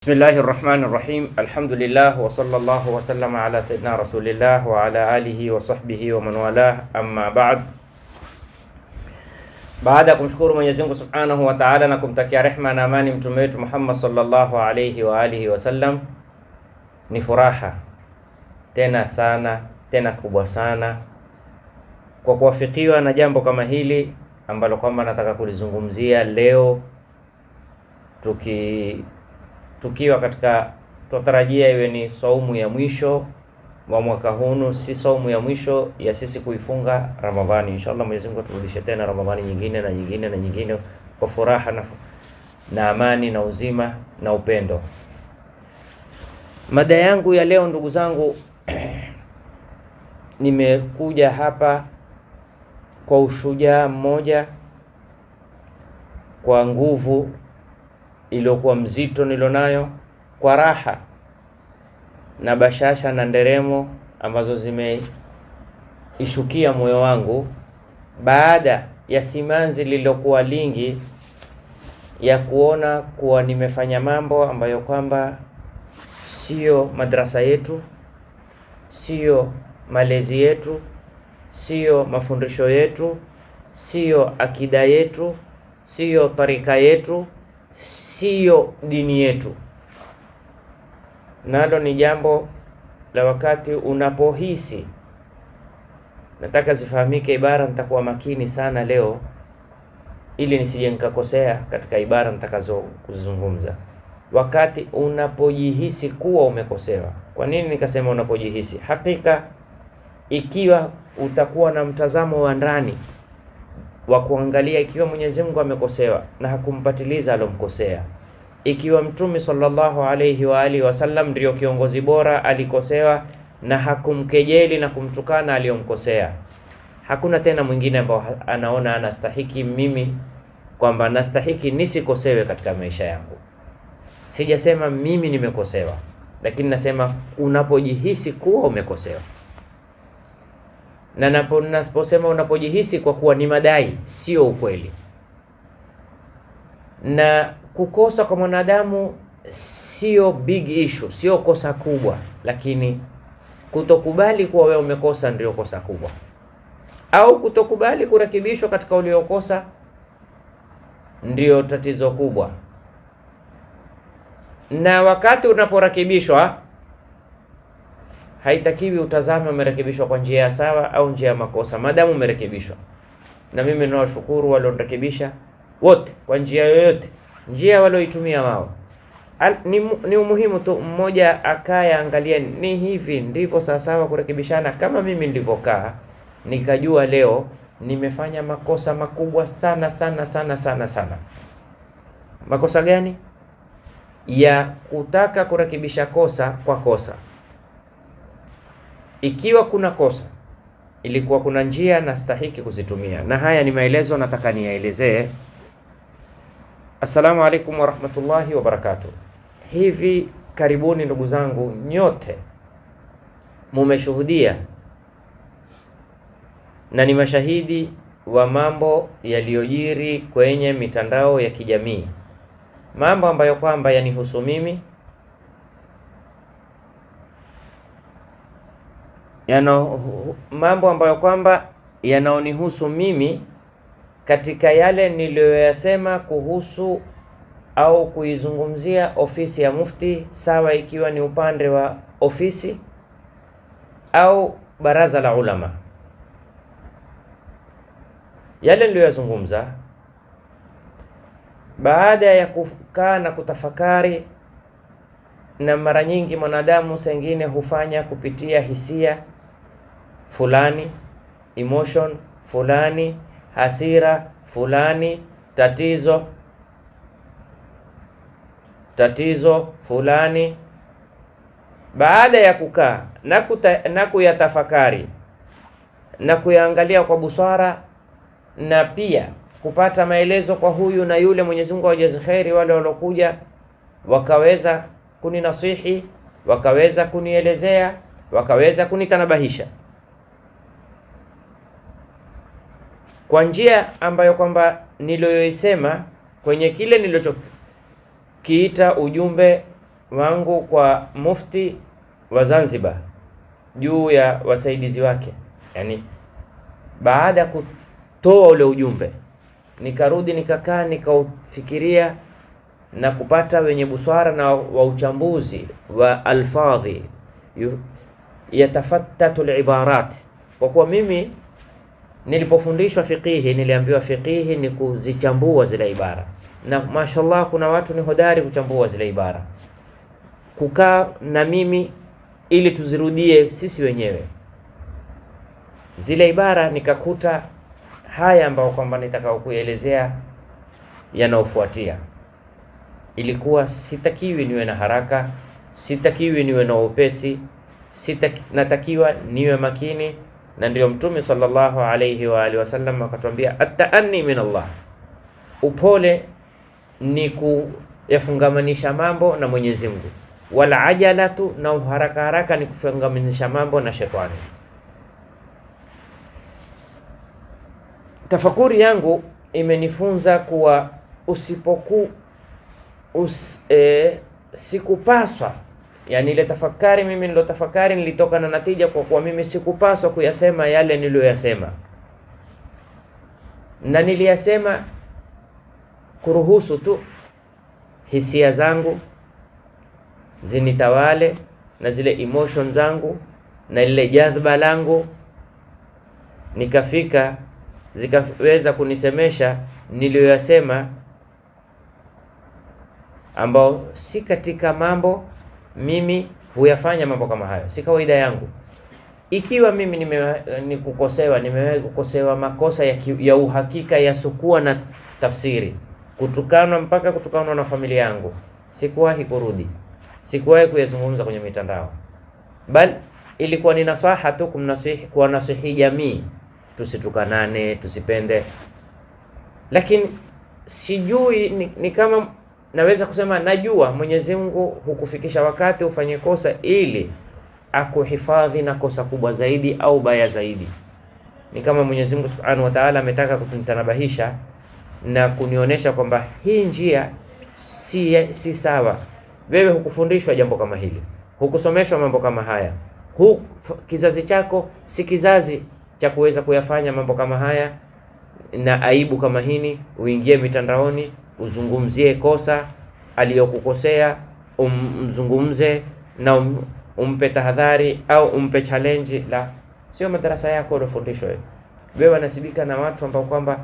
Bismillahi rahmani rahim, alhamdulillah wa sallallahu wa sallama ala sayyidina rasulillah wa ala alihi wa sahbihi wa man walah, amma ba'd. Baada ya kumshukuru Mwenyezi Mungu subhanahu wa ta'ala na kumtakia rehma na amani mtume wetu Muhammad sallallahu alayhi wa alihi wa sallam, ni furaha tena sana tena kubwa sana kwa kuwafikiwa na jambo kama hili ambalo kwamba nataka kulizungumzia leo tuki tukiwa katika tutarajia iwe ni saumu ya mwisho wa mwaka huu, si saumu ya mwisho ya sisi kuifunga Ramadhani. Inshallah Mwenyezi Mungu aturudishe tena Ramadhani nyingine na nyingine na nyingine kwa furaha na, na amani na uzima na upendo. Mada yangu ya leo ndugu zangu, nimekuja hapa kwa ushujaa mmoja, kwa nguvu iliyokuwa mzito nilonayo kwa raha na bashasha na nderemo ambazo zimeishukia moyo wangu baada ya simanzi lililokuwa lingi ya kuona kuwa nimefanya mambo ambayo kwamba siyo madrasa yetu, siyo malezi yetu, siyo mafundisho yetu, siyo akida yetu, siyo tarika yetu siyo dini yetu. Nalo ni jambo la wakati unapohisi. Nataka zifahamike ibara, nitakuwa makini sana leo ili nisije nikakosea katika ibara nitakazo kuzungumza. Wakati unapojihisi kuwa umekosewa. Kwa nini nikasema unapojihisi? Hakika ikiwa utakuwa na mtazamo wa ndani wa kuangalia ikiwa Mwenyezi Mungu amekosewa na hakumpatiliza alomkosea, ikiwa Mtume sallallahu alayhi wa alihi wasallam ndio kiongozi bora alikosewa na hakumkejeli na kumtukana aliyomkosea. Hakuna tena mwingine ambao anaona anastahiki mimi kwamba nastahiki nisikosewe katika maisha yangu. Sijasema mimi nimekosewa, lakini nasema unapojihisi kuwa umekosewa na naposema unapojihisi kwa kuwa ni madai, sio ukweli. Na kukosa kwa mwanadamu sio big issue, sio kosa kubwa, lakini kutokubali kuwa wewe umekosa ndio kosa kubwa, au kutokubali kurekebishwa katika uliokosa ndio tatizo kubwa. Na wakati unaporekebishwa haitakiwi utazame umerekebishwa kwa njia ya sawa au njia ya makosa, madamu umerekebishwa. Na mimi nawashukuru walionirekebisha wote kwa njia yoyote, njia walioitumia wao ni, ni umuhimu tu mmoja akaya angalia, ni hivi ndivyo sawasawa kurekebishana. Kama mimi nilivyokaa nikajua leo nimefanya makosa makubwa sana sana sana sana sana. Makosa gani? Ya kutaka kurekebisha kosa kwa kosa ikiwa kuna kosa ilikuwa kuna njia nastahiki kuzitumia, na haya ni maelezo nataka niyaelezee. Assalamu alaikum warahmatullahi wabarakatuh. Hivi karibuni, ndugu zangu, nyote mumeshuhudia na ni mashahidi wa mambo yaliyojiri kwenye mitandao ya kijamii, mambo ambayo kwamba yanihusu mimi yana mambo ambayo kwamba yanaonihusu mimi katika yale niliyoyasema kuhusu au kuizungumzia ofisi ya mufti, sawa ikiwa ni upande wa ofisi au baraza la ulama. Yale niliyoyazungumza baada ya kukaa na kutafakari, na mara nyingi mwanadamu sengine hufanya kupitia hisia fulani, emotion fulani, hasira fulani, tatizo tatizo fulani. Baada ya kukaa na kuta, na kuyatafakari na kuyaangalia kwa busara na pia kupata maelezo kwa huyu na yule, Mwenyezi Mungu awajaze kheri wale waliokuja wakaweza kuninasihi, wakaweza kunielezea, wakaweza kunitanabahisha. kwa njia ambayo kwamba niliyoisema kwenye kile nilichokiita ujumbe wangu kwa mufti wa Zanzibar juu ya wasaidizi wake, yani baada ya kutoa ule ujumbe nikarudi nikakaa nikaufikiria na kupata wenye buswara na wa uchambuzi wa alfadhi yatafattatu libarat, kwa kuwa mimi Nilipofundishwa fiqihi, niliambiwa fiqihi ni kuzichambua zile ibara, na mashallah kuna watu ni hodari kuchambua zile ibara. Kukaa na mimi ili tuzirudie sisi wenyewe zile ibara, nikakuta haya ambayo kwamba nitakao kuelezea yanaofuatia. Ilikuwa sitakiwi niwe na haraka, sitakiwi niwe na upesi, sitaki, natakiwa niwe makini na ndio Mtume sallallahu alayhi wa alihi wasallam akatwambia ataani min Allah, upole ni kuyafungamanisha mambo na Mwenyezi Mungu, wal ajalatu, na uharaka haraka ni kufungamanisha mambo na shetani. Tafakuri yangu imenifunza kuwa usipoku us, eh, sikupaswa yani ile tafakari mimi nilotafakari nilitoka na natija, kwa kuwa mimi sikupaswa kuyasema yale niliyoyasema, na niliyasema kuruhusu tu hisia zangu zinitawale na zile emotion zangu na lile jadhba langu, nikafika zikaweza kunisemesha niliyoyasema, ambao si katika mambo mimi huyafanya mambo kama hayo, si kawaida yangu. Ikiwa mimi nime, nikukosewa nimewahi kukosewa makosa ya, ki, ya uhakika yasiokuwa na tafsiri, kutukanwa mpaka kutukanwa na familia yangu, sikuwahi kurudi, sikuwahi kuyazungumza kwenye mitandao, bali ilikuwa ni nasaha tu kumnasihi, kuwanasihi jamii tusitukanane, tusipende. Lakini sijui ni, ni kama naweza kusema najua Mwenyezi Mungu hukufikisha wakati ufanye kosa ili akuhifadhi na kosa kubwa zaidi au baya zaidi. Ni kama Mwenyezi Mungu Subhanahu wa Ta'ala ametaka kunitanabahisha na kunionyesha kwamba hii njia si, si sawa. Wewe hukufundishwa jambo kama hili, hukusomeshwa mambo kama haya, hu kizazi chako si kizazi cha kuweza kuyafanya mambo kama haya na aibu kama hini, uingie mitandaoni uzungumzie kosa aliyokukosea, umzungumze um, na um, umpe tahadhari au umpe challenge. La, sio madarasa yako unafundishwa wewe. Wewe na watu ambao kwamba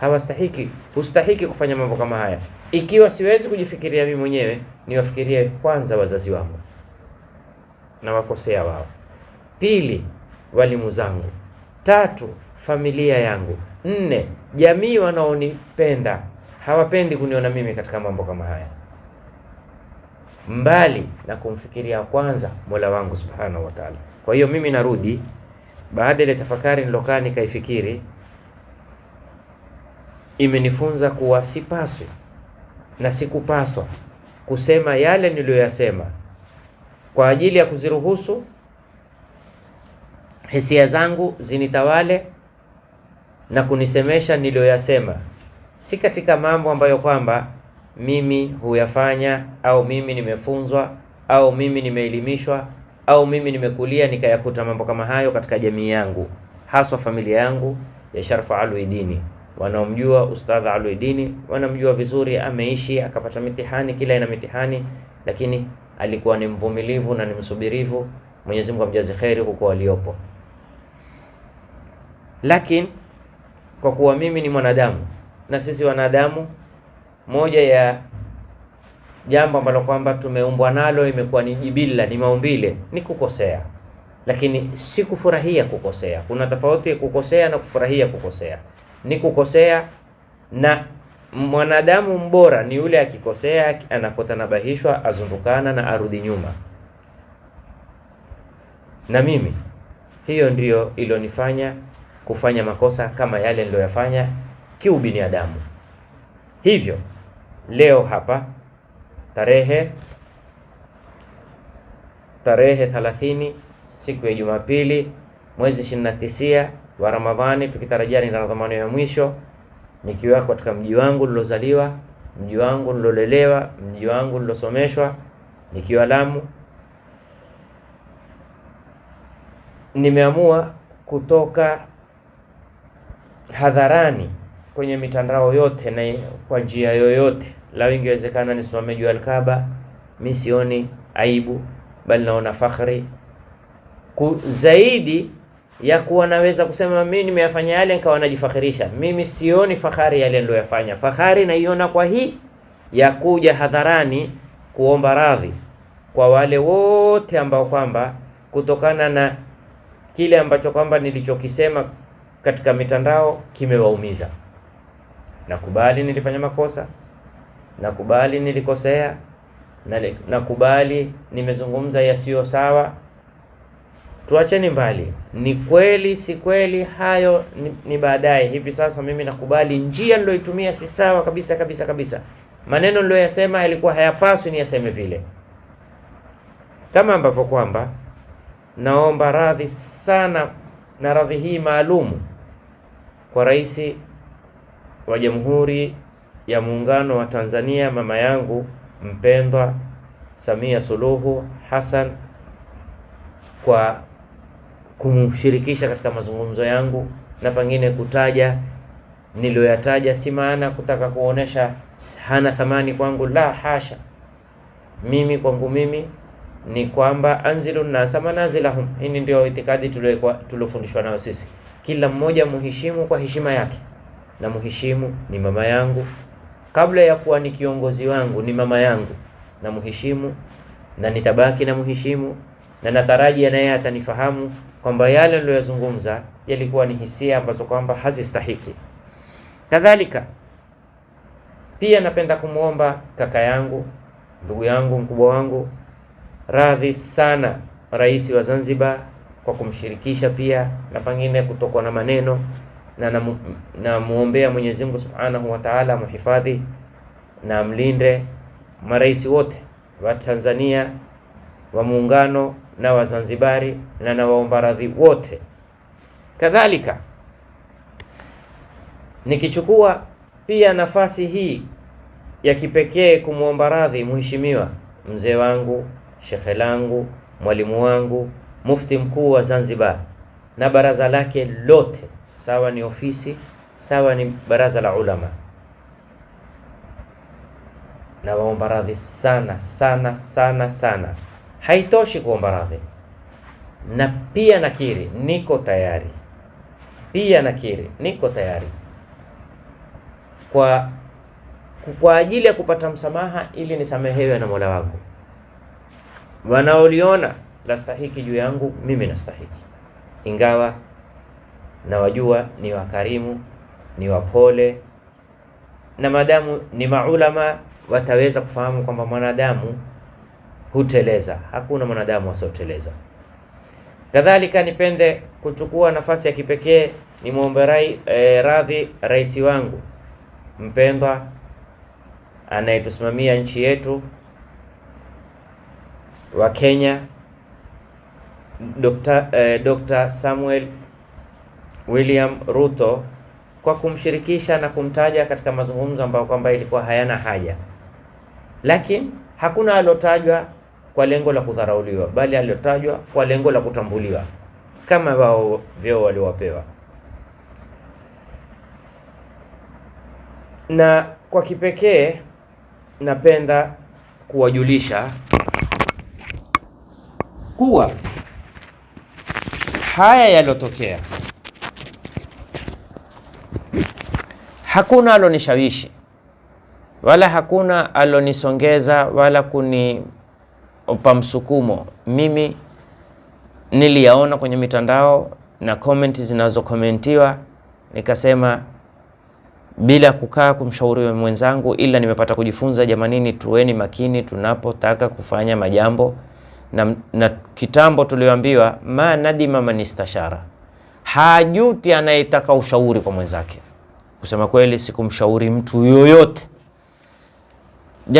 hawastahiki, hustahiki kufanya mambo kama haya. Ikiwa siwezi kujifikiria mimi mwenyewe, niwafikirie kwanza wazazi wangu na wakosea wao, pili walimu zangu, tatu familia yangu, nne jamii wanaonipenda hawapendi kuniona mimi katika mambo kama haya, mbali na kumfikiria kwanza Mola wangu subhanahu wa taala. Kwa hiyo mimi narudi baada ya tafakari nilokaa nikaifikiri, imenifunza kuwa sipaswi na sikupaswa kusema yale niliyoyasema kwa ajili ya kuziruhusu hisia zangu zinitawale na kunisemesha niliyoyasema si katika mambo ambayo kwamba mimi huyafanya au mimi nimefunzwa au mimi nimeelimishwa au mimi nimekulia nikayakuta mambo kama hayo katika jamii yangu, haswa familia yangu ya Sharfu Aluidini. Wanaomjua ustadha Aluidini wanamjua vizuri, ameishi akapata mitihani, kila aina mitihani, lakini alikuwa ni mvumilivu na ni msubirivu. Mwenyezi Mungu amjaze kheri huko aliyopo, lakini kwa kuwa mimi ni mwanadamu na sisi wanadamu, moja ya jambo ambalo kwamba tumeumbwa nalo, imekuwa ni jibila, ni maumbile, ni kukosea, lakini si kufurahia kukosea. Kuna tofauti kukosea na kufurahia kukosea. Ni kukosea, na mwanadamu mbora ni yule akikosea, anakotanabahishwa, azundukana na arudi nyuma. Na mimi hiyo ndiyo ilionifanya kufanya makosa kama yale niliyoyafanya kiubinadamu. Hivyo leo hapa tarehe tarehe 30 siku ya Jumapili mwezi 29 wa Ramadhani, tukitarajia ni Ramadhani ya mwisho, nikiwa katika mji wangu nilozaliwa, mji wangu nilolelewa, mji wangu nilosomeshwa, nikiwa Lamu, nimeamua kutoka hadharani kwenye mitandao yote na kwa njia yoyote, lau ingewezekana nisimame juu Alkaba. mi sioni aibu, bali naona fakhari ku, zaidi ya kuwa naweza kusema mimi nimeyafanya yale nikawa najifakhirisha. Mimi sioni fahari yale niliyoyafanya, fahari naiona kwa hii ya kuja hadharani kuomba radhi kwa wale wote ambao kwamba kutokana na kile ambacho kwamba nilichokisema katika mitandao kimewaumiza nakubali nilifanya makosa, nakubali nilikosea, nakubali nimezungumza yasiyo sawa. Tuacheni mbali, ni kweli si kweli, hayo ni, ni baadaye. Hivi sasa mimi nakubali njia niloitumia si sawa kabisa kabisa kabisa, maneno niloyasema yalikuwa hayapaswi yaseme vile, kama ambavyo kwamba naomba radhi sana na radhi hii maalumu kwa Rais wa Jamhuri ya Muungano wa Tanzania, mama yangu mpendwa Samia Suluhu Hassan kwa kumshirikisha katika mazungumzo yangu na pengine kutaja niliyoyataja, si maana kutaka kuonesha hana thamani kwangu, la hasha. Mimi kwangu mimi ni kwamba anzilu nasa manazilahum, hii ndio itikadi tuliofundishwa nayo sisi, kila mmoja muheshimu kwa heshima yake na muheshimu ni mama yangu, kabla ya kuwa ni kiongozi wangu ni mama yangu, na muheshimu na nitabaki na muheshimu, na nataraji naye atanifahamu kwamba yale niliyozungumza yalikuwa ni hisia ambazo kwamba hazistahiki. Kadhalika pia napenda kumwomba kaka yangu, ndugu yangu, mkubwa wangu, radhi sana Rais wa Zanzibar kwa kumshirikisha pia na pengine kutokwa na maneno na namuombea Mwenyezi Mungu Subhanahu wa Ta'ala muhifadhi na mlinde marais wote wa Tanzania wa muungano na Wazanzibari na nawaomba radhi wote. Kadhalika nikichukua pia nafasi hii ya kipekee kumwomba radhi mheshimiwa mzee wangu, shekhe langu, mwalimu wangu, mufti mkuu wa Zanzibar na baraza lake lote sawa ni ofisi, sawa ni baraza la ulama. Na waomba radhi sana sana sana sana, haitoshi kuomba radhi. Na pia nakiri niko tayari, pia nakiri niko tayari kwa kwa ajili ya kupata msamaha ili nisamehewe na Mola wangu. Wanaoliona stahiki juu yangu, mimi nastahiki ingawa na wajua ni wakarimu, ni wapole, na madamu ni maulama wataweza kufahamu kwamba mwanadamu huteleza, hakuna mwanadamu asioteleza. Kadhalika nipende kuchukua nafasi ya kipekee nimwombe rai, e, radhi rais wangu mpendwa anayetusimamia nchi yetu wa Kenya Dr. Eh, Dr. Samuel William Ruto kwa kumshirikisha na kumtaja katika mazungumzo ambayo kwamba ilikuwa hayana haja, lakini hakuna aliotajwa kwa lengo la kudharauliwa, bali aliotajwa kwa lengo la kutambuliwa kama wao vyeo waliowapewa. Na kwa kipekee napenda kuwajulisha kuwa haya yaliyotokea hakuna alonishawishi wala hakuna alonisongeza wala kunipa msukumo. Mimi niliyaona kwenye mitandao na komenti zinazokomentiwa, nikasema bila kukaa kumshauri mwenzangu, ila nimepata kujifunza. Jamanini, tuweni makini tunapotaka kufanya majambo na, na kitambo tulioambiwa ma nadima manistashara, hajuti anayetaka ushauri kwa mwenzake. Kusema kweli sikumshauri mtu yoyote,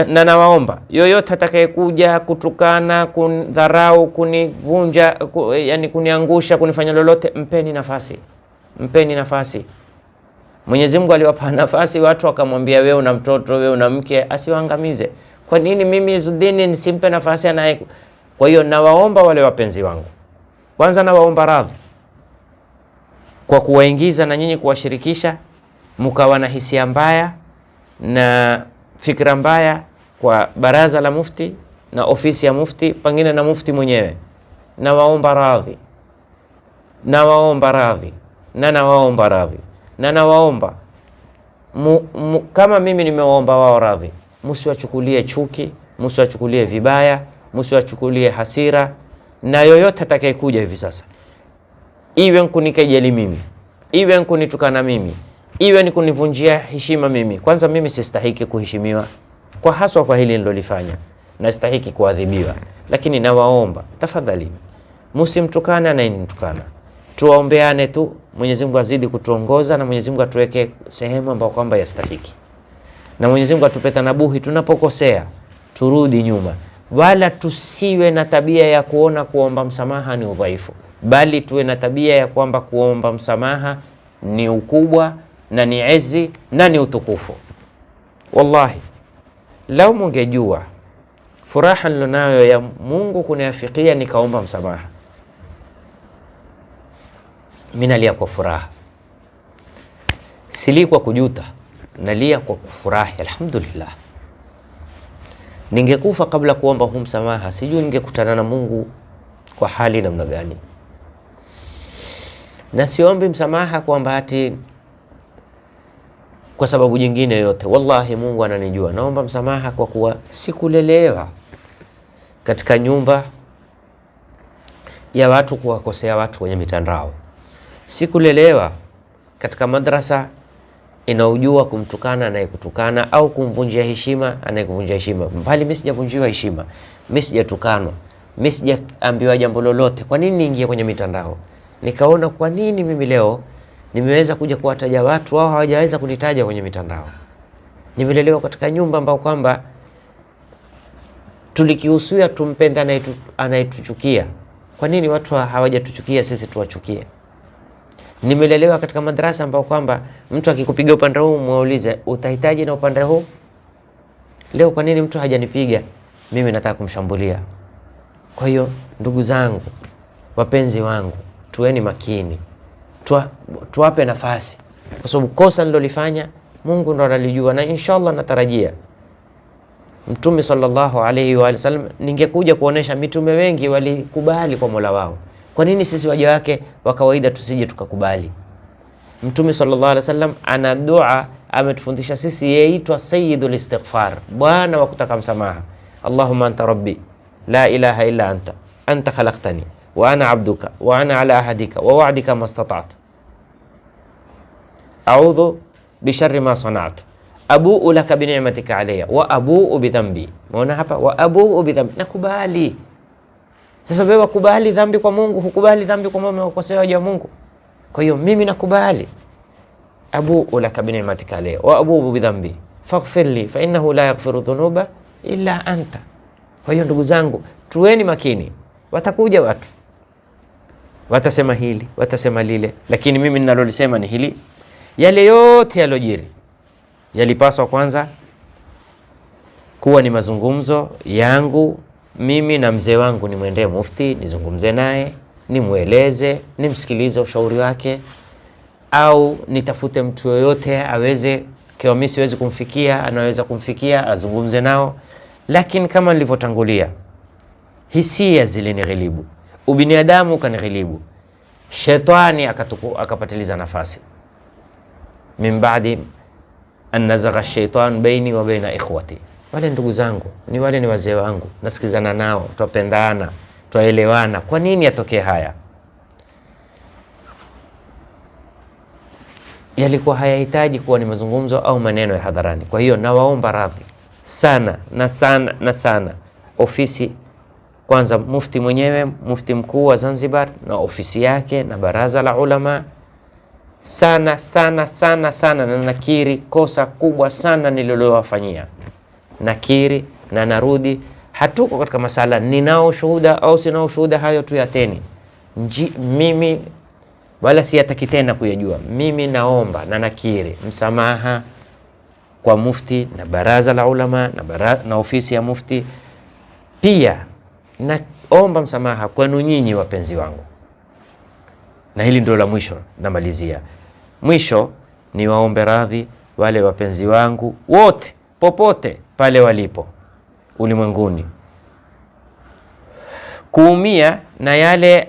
na nawaomba yoyote atakayekuja kutukana, kudharau kunivunja ku, yani kuniangusha, kunifanya lolote, mpeni nafasi, mpeni nafasi. Mwenyezi Mungu aliwapa nafasi watu wakamwambia, wewe una mtoto, wewe una mke, asiwaangamize. Kwa nini mimi zudini nisimpe nafasi anaye? Kwa hiyo nawaomba wale wapenzi wangu, kwanza nawaomba radhi kwa kuwaingiza na nyinyi kuwashirikisha mkawa na hisia mbaya na fikra mbaya kwa baraza la mufti na ofisi ya mufti, pengine na mufti mwenyewe. Nawaomba radhi, nawaomba radhi na nawaomba radhi na nawaomba kama mimi nimewaomba wao radhi, musiwachukulie chuki, musiwachukulie vibaya, musiwachukulie hasira, na yoyote atakayekuja hivi sasa, iwe nkunikejeli mimi, iwe nkunitukana mimi iwe ni kunivunjia heshima mimi. Kwanza mimi sistahiki kuheshimiwa kwa haswa kwa hili nilolifanya, nastahiki kuadhibiwa, lakini nawaomba tafadhali, msimtukane na nitukana, tuwaombeane tu. Mwenyezi Mungu azidi kutuongoza na Mwenyezi Mungu atuweke sehemu ambayo kwamba yastahiki, na Mwenyezi Mungu atupe tanabuhi tunapokosea, turudi nyuma, wala tusiwe na tabia ya kuona kuomba msamaha ni udhaifu, bali tuwe na tabia ya kwamba kuomba msamaha ni ukubwa na ni ezi na ni utukufu. Wallahi, lau mungejua furaha nilonayo ya Mungu kuniafikia nikaomba msamaha, mimi nalia kwa furaha, sili kwa kujuta, nalia kwa kufurahi. Alhamdulillah, ningekufa kabla kuomba huu msamaha, sijui ningekutana na Mungu kwa hali namna gani. Na siombi msamaha kwamba ati kwa sababu jingine yote. Wallahi, Mungu ananijua. Naomba msamaha kwa kuwa sikulelewa katika nyumba ya watu kuwakosea watu kwenye mitandao, sikulelewa katika madrasa inaojua kumtukana anayekutukana au kumvunjia heshima anayekuvunjia heshima. Mbali mimi sijavunjiwa heshima, mimi sijatukanwa, mimi sijaambiwa jambo lolote. Kwa nini niingie kwenye mitandao? Nikaona kwa nini mimi leo nimeweza kuja kuwataja watu, wao hawajaweza kunitaja kwenye mitandao. Nimelelewa katika nyumba ambao kwamba tulikihusuia tumpenda anayetuchukia. Kwa nini watu hawajatuchukia sisi tuwachukie? Nimelelewa katika madarasa ambao kwamba mtu akikupiga upande huu mwaulize utahitaji na upande huu. Leo kwa nini mtu hajanipiga mimi nataka kumshambulia? Kwa hiyo ndugu zangu, wapenzi wangu, tuweni makini tuwa, tuwape nafasi, kwa sababu kosa nilolifanya Mungu ndo analijua, na inshallah natarajia Mtume sallallahu alaihi wa sallam, ningekuja kuonesha mitume wengi walikubali kwa Mola wao. Kwa nini sisi waja wake wa kawaida tusije tukakubali? Mtume sallallahu alaihi wasallam ana dua ametufundisha sisi, yaitwa sayyidul istighfar, bwana wa kutaka msamaha. allahuma anta rabbi la ilaha illa anta anta khalaktani wa ana abduka wa ana ala ahadika wa wa'dika mastatata audhu bishari ma sanatu abuu laka binimatika alayya wa abuu bidhambi. Umeona hapa wa abuu bidhambi, nakubali. Sasa wewe wakubali dhambi kwa Mungu, hukubali dhambi kwa mume, waja Mungu. Kwa hiyo mimi nakubali, abuu laka binimatika alayya wa abuu bidhambi faghfirli fa innahu la yaghfiru dhunuba illa anta. Kwa hiyo ndugu zangu, tuweni makini, watakuja watu watasema hili, watasema lile, lakini mimi ninalolisema ni hili yale yote yalojiri yalipaswa kwanza kuwa ni mazungumzo yangu mimi na mzee wangu, nimwendee mufti, nizungumze naye, nimweleze, nimsikilize ushauri wake, au nitafute mtu yoyote aweze kiwa mimi siwezi kumfikia, anaweza kumfikia azungumze nao. Lakini kama nilivyotangulia, hisia zilinighilibu, ubinadamu ukanighilibu, shetani akapatiliza nafasi min ba'di an shaitan baini wa baina ikhwati, wale ndugu zangu ni wale ni wazee wangu, nasikizana nao, twapendana, twaelewana. Kwa nini yatokee haya? Yalikuwa hayahitaji kuwa ni mazungumzo au maneno ya hadharani. Kwa hiyo nawaomba radhi sana na sana na sana, ofisi kwanza, mufti mwenyewe, mufti mkuu wa Zanzibar na ofisi yake na baraza la ulama sana sana sana sana, na nakiri kosa kubwa sana nililowafanyia. Nakiri na narudi, hatuko katika masala ninao shuhuda au sinao shuhuda, hayo tuyateni nji, mimi wala siyataki tena kuyajua. Mimi naomba na nakiri msamaha kwa mufti na baraza la ulama na, bara, na ofisi ya mufti pia naomba msamaha kwenu nyinyi wapenzi wangu na hili ndio la mwisho namalizia. Mwisho ni waombe radhi wale wapenzi wangu wote popote pale walipo ulimwenguni, kuumia na yale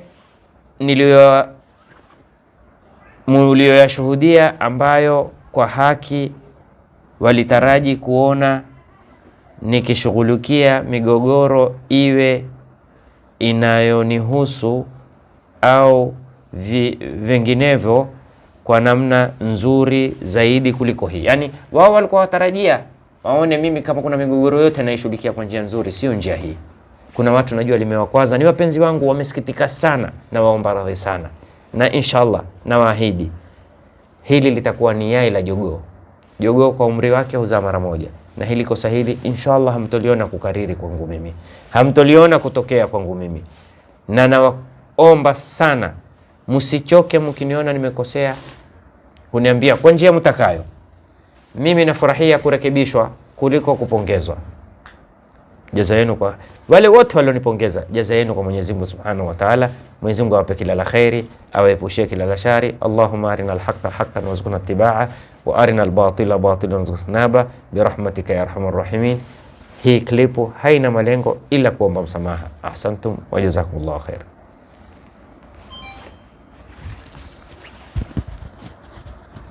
mlioyashuhudia ambayo kwa haki walitaraji kuona nikishughulikia migogoro iwe inayonihusu au vi, vinginevyo kwa namna nzuri zaidi kuliko hii. Yaani wao walikuwa watarajia waone mimi kama kuna migogoro yote naishughulikia kwa njia nzuri, sio njia hii. Kuna watu najua limewakwaza, ni wapenzi wangu, wamesikitika sana na waomba radhi sana, na inshallah nawaahidi hili litakuwa ni yai la jogoo. Jogoo kwa umri wake huzaa mara moja, na hili kosa hili inshallah hamtoliona kukariri kwangu mimi, hamtoliona kutokea kwangu mimi, na nawaomba sana msichoke mkiniona nimekosea kuniambia kwa njia mtakayo. Mimi nafurahia kurekebishwa kuliko kupongezwa. Jaza yenu kwa wale wote walionipongeza, jaza yenu kwa Mwenyezi Mungu Subhanahu wa Ta'ala. Mwenyezi Mungu awape kila la khairi, awaepushie kila la shari. Allahumma arina al-haqqa haqqan warzuqna ittiba'ah wa arina albatila batila batilan warzuqna bi rahmatika ya arhamar rahimin. Hii klipu haina malengo ila kuomba msamaha. Ahsantum wa jazakumullahu khair.